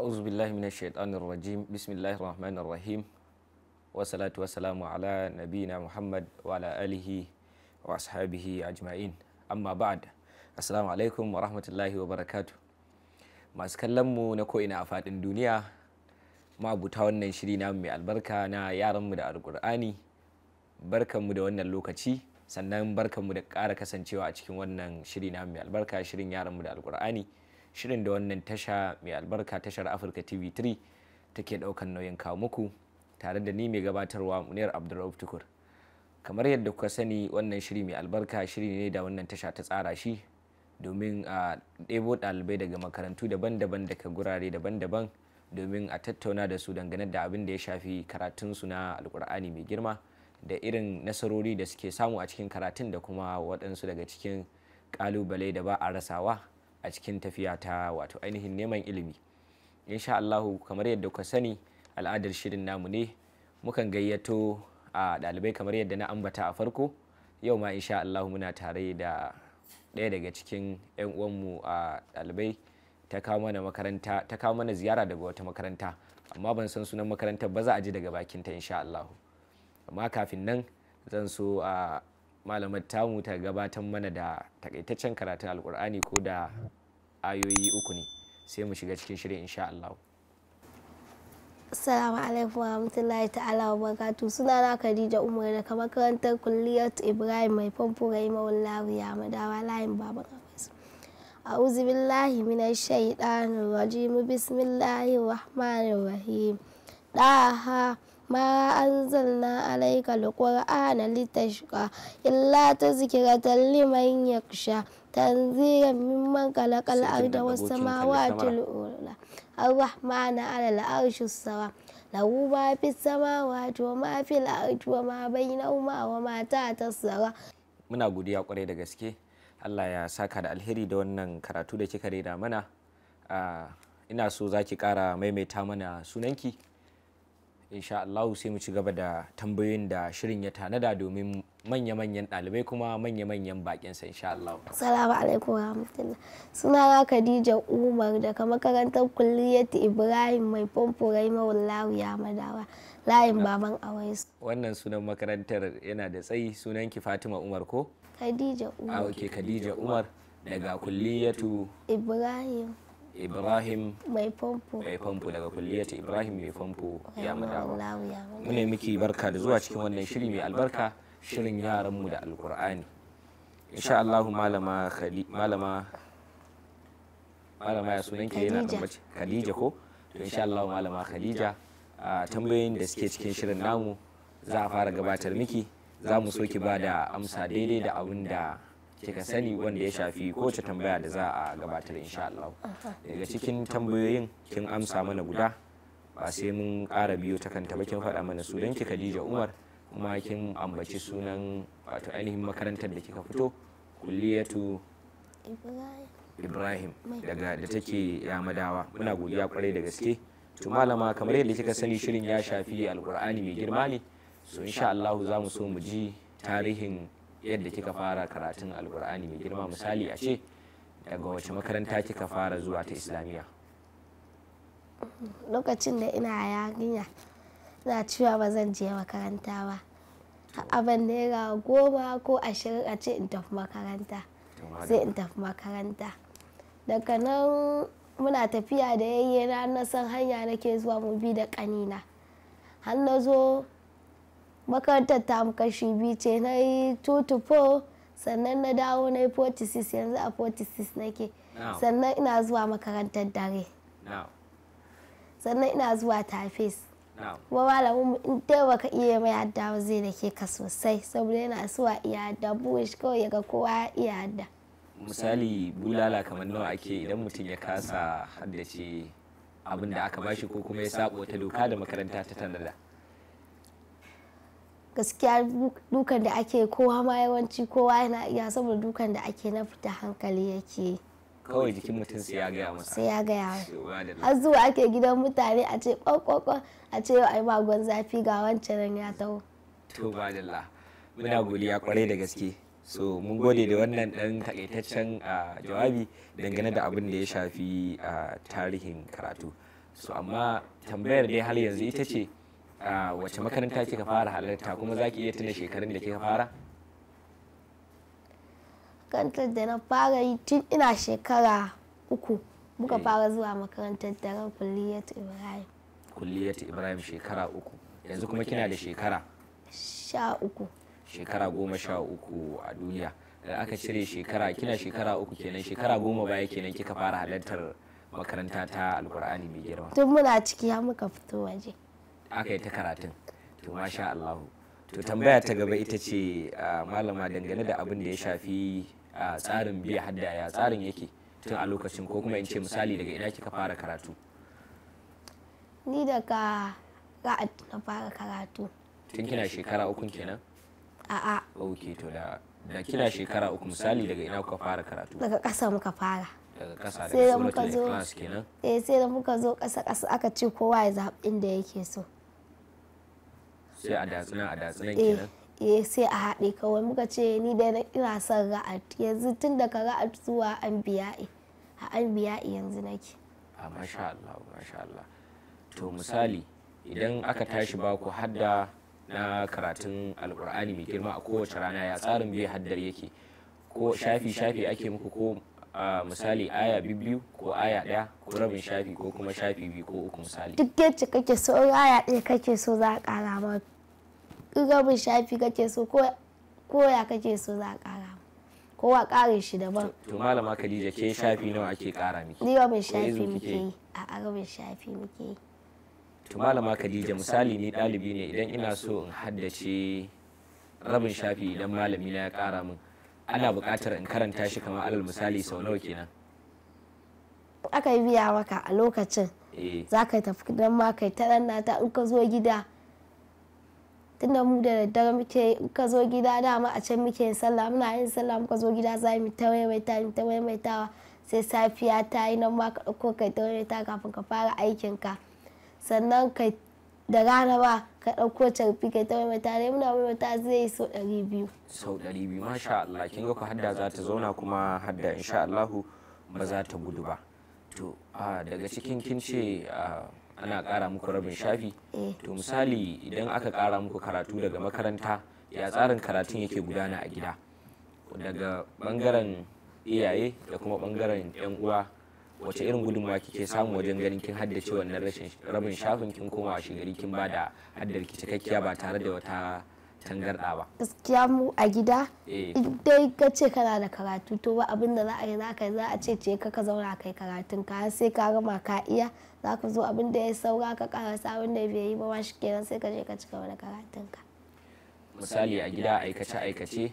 A'udzu billahi minasyaitonir rajim. Bismillahirrahmanirrahim. Wassalatu wassalamu ala nabiyyina Muhammad wa ala alihi wa ashabihi ajma'in. Amma Ba'ad. Assalamu alaikum wa rahmatullahi wa barakatu. Masu kallon mu na ko'ina a fadin duniya mabuta wannan shirin na mai albarka na yaran da Alqur'ani. Barkan mu da wannan lokaci sannan barkan mu da ƙara kasancewa a cikin wannan shiri na mai albarka shirin yaran mu da Alqur'ani. shirin da wannan tasha mai albarka tashar afirka tv 3 take daukan nauyin kawo muku tare da ni mai gabatarwa muniyar abdulrauf tukur kamar yadda kuka sani wannan shiri mai albarka shiri ne da wannan tasha ta tsara shi domin a ɗebo ɗalibai daga makarantu daban-daban daga gurare daban-daban domin a tattauna da su dangane da abin da ya shafi karatunsu na alkur'ani mai girma da irin nasarori da suke samu a cikin karatun da kuma waɗansu daga cikin ƙalubale da ba a rasawa a cikin tafiya ta wato ainihin neman ilimi insha Allahu kamar yadda kuka sani al'adar shirin namu ne mukan gayyato a ɗalibai kamar yadda na ambata a farko yau ma insha Allahu muna tare da ɗaya daga cikin 'yan uwanmu a ɗalibai ta kawo mana makaranta ta kawo mana ziyara daga wata makaranta amma ban san sunan makarantar ba za a ji daga bakin bakinta insha Allahu amma kafin nan zan so a malamar tamu ta gabatar mana da takaitaccen karatun alkur'ani ko da ayoyi uku ne sai mu shiga cikin shirin insha Allah Assalamu alaikum wa rahmatullahi ta'ala wa barakatu suna na Khadija Umar daga makarantar kulliyar Ibrahim mai famfo Raimawul Lawiya madawa layin baban Abbas. A'udhu billahi minash shaitanir rajim bismillahir rahmanir rahim. Daha ma anzalna alayka alqur'ana litashqa illa تذكرة liman yakhsha. tanzilan mimman kalakal arda was samawati al-ula ar-rahman ala al-arshi sawa lahu ma fi wa ma fi al-ardi wa wa ma tahta muna muna godiya kwarai da gaske Allah ya saka da alheri da wannan karatu da kika rera mana ah, ina so zaki kara maimaita mana sunanki insha Allah sai mu ci gaba da tambayoyin da shirin ya tanada domin manya-manyan ɗalibai kuma manya-manyan bakinsa insha Allah. Assalamu alaikum wa rahmatullah. Suna na Khadija Umar daga makarantar kulliyati Ibrahim mai famfo Raima Wallahi ya madawa layin baban Awaisu. Wannan sunan makarantar yana da tsayi sunan ki Fatima Umar ko? Khadija Umar. Ah, okay, Khadija Umar daga kulliyatu Ibrahim ibrahim mai famfo daga kulliyar ibrahim mai famfo ya madawa mu ne miki barka da zuwa cikin wannan shiri mai albarka shirin yaranmu da alkur'ani insha Allah malama malama ya sunan ke yana da khadija ko to insha Allah malama khadija tambayoyin da suke cikin shirin namu za a fara gabatar miki za mu so ba da amsa daidai da abin da kika sani wanda ya shafi kowace tambaya da za a gabatar insha Allah daga cikin tambayoyin kin amsa mana guda ba sai mun ƙara biyo ta kanta ba kin faɗa mana su don ki Khadija Umar kuma kin ambaci sunan wato ainihin makarantar da kika fito kulliyatu Ibrahim daga da take Yamadawa muna godiya kwarai da gaske to malama kamar yadda kika sani shirin ya shafi alkur'ani mai girma ne so insha Allah za mu so mu ji tarihin yadda kika fara karatun alkur'ani mai girma misali a ce daga wace makaranta kika fara zuwa ta islamiyya lokacin da ina yarinya na cewa ba zan je makaranta ba abin naira goma ko ashirin a ce in tafi makaranta sai in tafi makaranta daga nan muna tafiya da yayyena na san hanya nake zuwa mu bi da kanina har na zo makarantar ta mu kashi biyu ce na yi 2 4 sannan na dawo na yi 46 yanzu a 46 nake sannan ina zuwa makarantar dare sannan ina zuwa tafis kuma malamin in dai baka iya mai yadda ba zai da ke ka sosai saboda yana suwa iya yadda buwish kawai ga kowa iya yadda misali bulala kamar nawa ake idan mutum ya kasa haddace abin da aka bashi ko kuma ya saba wata doka da makaranta ta tanada gaskiya dukan da ake kowa ma yawanci kowa yana iya saboda dukan da ake na fita hankali yake kawai jikin mutum sai ya gaya masa sai ya gaya har zuwa ake gidan mutane a ce kwakwakwa a ce yau ai magon zafi ga wancan ya taho to la muna godiya kwarai da gaske so mun gode da wannan dan takaitaccen jawabi dangane da abin da ya shafi tarihin karatu so amma tambayar dai har yanzu ita ce wace makaranta kika fara halarta kuma za ki iya tuna shekarun da kika fara makarantar da na fara yi tun ina shekara uku muka eh. fara zuwa makarantar daren kulliyat ibrahim kulliyat ibrahim shekara uku yanzu kuma kina da shekara sha uku shekara goma sha uku a duniya da aka cire shekara kina shekara uku kenan shekara goma baya kenan kika fara halartar makaranta ta alkur'ani mai girma tun muna ciki har muka fito waje aka yi ta karatun to masha Allahu to tambaya ta gaba ita ce ah, ah, malama dangane da abin da ya shafi ah, tsarin biya haddaya tsarin yake tun a lokacin ko kuma in ce misali daga ina kika fara karatu ni daga ra'ad na fara karatu tun kina shekara uku kenan a'a ok to da da kina shekara uku misali daga ina kuka fara karatu daga ƙasa muka fara daga ƙasa daga eh, sai da muka zo ƙasa ƙasa aka ce kowa ya zaɓi inda yake so sai a datsunan a datsunan eh, kenan eh sai a haɗe kawai muka ce ni dai ina son ra'at yanzu tun daga ra'at zuwa an biya'i a an biya'i yanzu nake a ah, masha Allah masha Allah to misali idan aka tashi baku ku hadda na karatun alkur'ani mai girma a kowace rana ya tsarin bai haddar yake ko shafi shafi ake muku ko misali aya biyu ko aya ɗaya ko rabin shafi ko kuma shafi biyu ko uku misali duk yadda kake so aya ɗaya kake so za a ƙara ma rabin shafi kake so ko ya kake so za a ƙara ko wa ƙare shi daban to malama Khadija ke shafi nawa ake ƙara miki ni rabin shafi muke yi a rabin shafi muke yi to malama Khadija misali ni ɗalibi ne idan ina so in haddace rabin shafi idan malami na ya ƙara min ana buƙatar in karanta shi kamar alal misali sau nawa kenan aka yi biya maka a lokacin eh. za ka tafi don ma kai ta nata in ka zo gida tunda mu da daddare muke in ka zo gida dama a can muke yin sallah muna yin sallah muka zo gida za mu ta maimaita mu ta maimaitawa sai safiya ta yi nan ma ka ɗauko kai ta maimaita kafin ka fara aikinka sannan kai da rana ba ka ɗauko carfi kai ta dai muna maimaita zai sau ɗari biyu. sau ɗari biyu masha Allah kin ga ku hadda za ta zauna kuma hadda insha Allahu ba za ta gudu ba to daga cikin kin ce ana ƙara muku rabin shafi eh. to misali idan aka ƙara muku karatu daga makaranta ya tsarin karatun yake gudana a gida daga bangaren iyaye da kuma bangaren 'yan uwa wace irin gudunmawa kike samu wajen ganin kin haddace wannan rashin rabin shafin kin koma shi gari kin bada haddar ki cikakkiya ba tare da wata tangarɗa ba gaskiya mu a gida eh. dai ka ce kana da karatu to ba abin da za a yi za ka za a ce ce ka ka zauna kai karatun ka sai ka gama ka iya za ka zo abin da ya saura ka kara abin da bai yi ba shi kenan sai ka je ka cika wani karatun ka misali a gida aikace aikace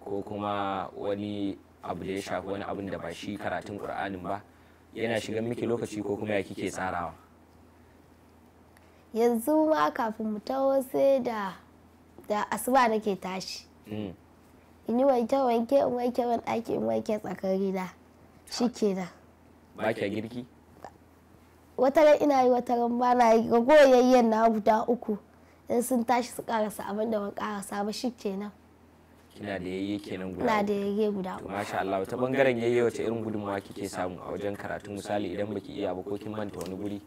ko kuma wani abu da ya shafi wani abin da ba shi karatun qur'anin ba yana shiga miki lokaci ko kuma ya kike tsarawa yanzu ma kafin mu taho sai da da asuba nake tashi hmm. ini wanke wanke in wanke wani ɗaki in wanke tsakar gida shi kenan ba kya girki wata ran ina yi wata ran ba na yi ga goyayyen na guda uku in sun tashi su karasa abin da ban karasa ba shi kenan kina da yayye kenan guda da yayye guda to masha Allah ta bangaren yayye wace irin gudunmawa kike samu a wajen karatu misali idan baki iya ba ko kin manta wani guri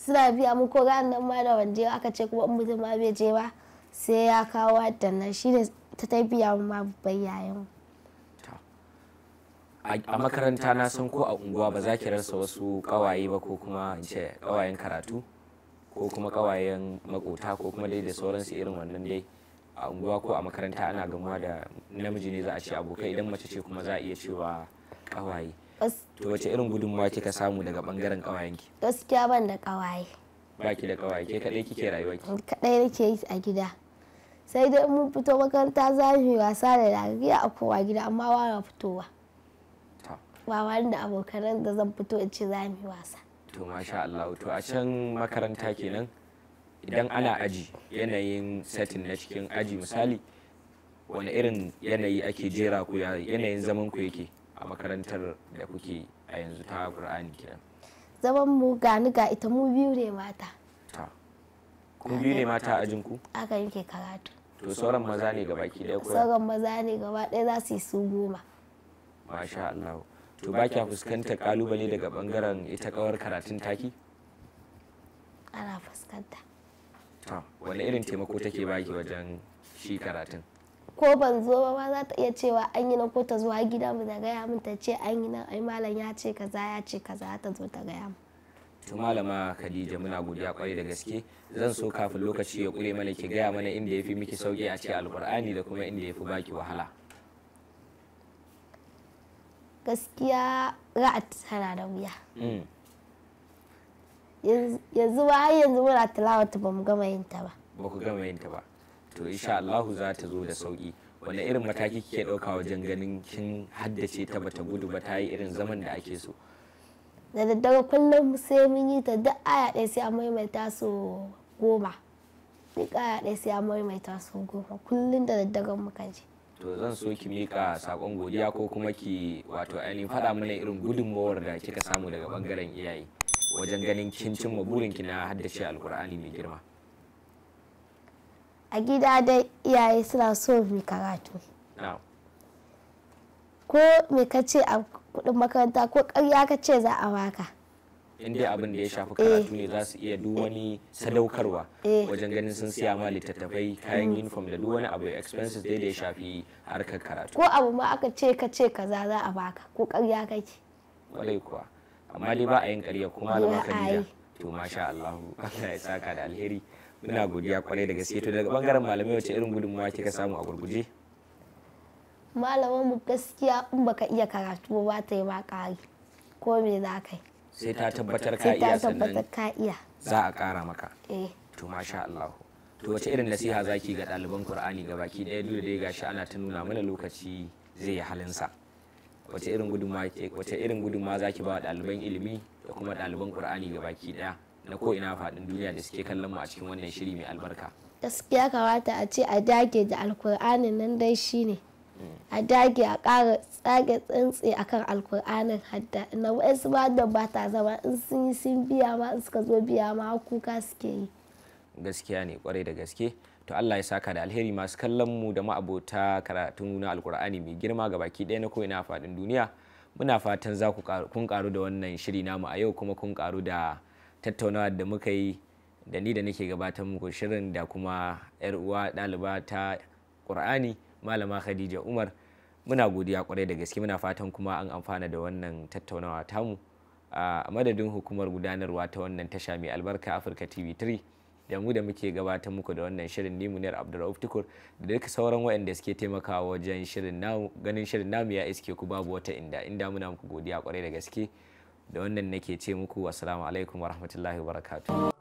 suna biya mu ko ga nan ma da wanje aka ce kuma in mutum ma bai je ba sai ya kawo haddan nan shi ne ta ta biya mu ma bayyayen a makaranta na san ko a unguwa ba za ki rasa wasu kawaye ba ko kuma in ce kawayen karatu ko kuma kawayen makota ko kuma dai da sauransu irin wannan dai a unguwa ko a makaranta ana gamuwa da namiji ne za a ce abokai idan mace ce kuma za a iya cewa kawaye to wace irin gudunmawa kika samu daga bangaren kawayenki gaskiya ban da kawaye baki da kawaye ke kadai kike rayuwa ki kadai nake a gida sai dai mun fito makaranta za mu yi wasa da lafiya a kowa gida amma ba na fitowa ba wani da abokan da zan fito in ce za mu yi wasa to masha Allah to a can makaranta kenan idan ana aji yanayin setting na cikin aji misali wani irin yanayi ake jera ku yanayin zaman ku yake a makarantar da kuke a yanzu ta qur'ani kenan zaman mu ni ga ita mu biyu ne mata ta ku biyu ne mata a ajin ku aka yake karatu to sauran maza ne gaba ki daya sauran maza ne gaba daya za su yi su goma masha Allah to ba kya fuskanta kalubale daga bangaren ita kawar karatun taki ana fuskanta wani irin taimako take baki wajen shi karatun ko ban zo ba ma za ta iya cewa an yi nan ko ta zuwa gida mu da gaya min ta ce an yi nan ai malam ya ce kaza ya ce kaza ta zo ta gaya mu to malama Khadija muna godiya kwarai da gaske zan so kafin lokaci ya kure mana ki gaya mana inda yafi miki sauki a ce alkur'ani da kuma inda yafi baki wahala gaskiya ra'at tana da wuya mm. yanzu ba har yanzu muna tilawata ba mu gama yin ta ba ba ku gama yin ta ba to insha Allahu za ta zo da sauki wanda irin mataki kike ɗauka wajen ganin kin haddace ta bata gudu ba ta yi irin zaman da ake so da daddare kullum sai mun yi ta duk aya ɗaya sai a maimaita su goma duk aya ɗaya sai a maimaita su goma kullum da daddare muka je to zan so ki mika sakon godiya ko kuma ki wato ainihin faɗa mana irin gudunmawar da kika samu daga bangaren iyaye wajen ganin kin cimma burinki na haddace alkur'ani mai girma a gida dai iyaye suna so mu karatu ko me ka ce a kudin makaranta ko karya ka ce za a baka in dai abin da ya shafi eh. karatu ne za su iya duk wani sadaukarwa eh. wajen ganin sun siya ma littattafai kayan uniform da duk wani abu expenses dai da ya shafi harkar karatu ko abu ma aka ce ka ce kaza za a baka ko karya kake walai kuwa amma dai ba a yin ƙarya kuma malama Khadija to masha Allah Allah ya saka da alheri muna godiya kwarai da gaske to daga bangaren malamai wace irin gudunmawa kika samu a gurguje malaman mu gaskiya in baka iya karatu ba ta yi ba ko me za ka yi sai ta tabbatar ka iya sannan za a ƙara maka eh. to masha Allah to wace irin nasiha zaki ga ɗaliban Qur'ani ga baki ɗaya dole dai gashi ana ta nuna mana lokaci zai yi halinsa. sa wace irin gudunmawa ke wace irin gudunmawa zaki ba ɗaliban ilimi da kuma ɗaliban ƙur'ani ga baki ɗaya na ko ina faɗin duniya da suke kallon mu a cikin wannan shiri mai albarka gaskiya kamata a ce a dage da alkur'anin nan dai shine a dage a ƙara tsage tsintsi akan alkur'anin hadda na su ba da ba ta zama in sun yi sun biya ma in suka zo biya ma kuka suke yi gaskiya ne kwarai da gaske to Allah ya saka da alheri masu kallon mu da ma'abota karatun na alkur'ani mai girma ga baki ɗaya na ko'ina faɗin duniya muna fatan za ku kun karu da wannan shiri namu a yau kuma kun karu da tattaunawa da muka yi da ni da nake gabatar muku shirin da kuma yar uwa ɗaliba ta ƙur'ani malama Khadija Umar muna godiya kwarai da gaske muna fatan kuma an amfana da wannan tattaunawa tamu a madadin hukumar gudanarwa ta wannan tasha mai albarka Afirka TV 3 da mu da muke gabatar muku da wannan shirin ni muniyar abdulrauf tukur da duka sauran waɗanda suke taimakawa wajen shirin namu ganin shirin namu ya iske ku babu wata inda inda muna muku godiya kwarai da gaske da wannan nake ce muku assalamu alaikum warahmatullahi wabarakatuh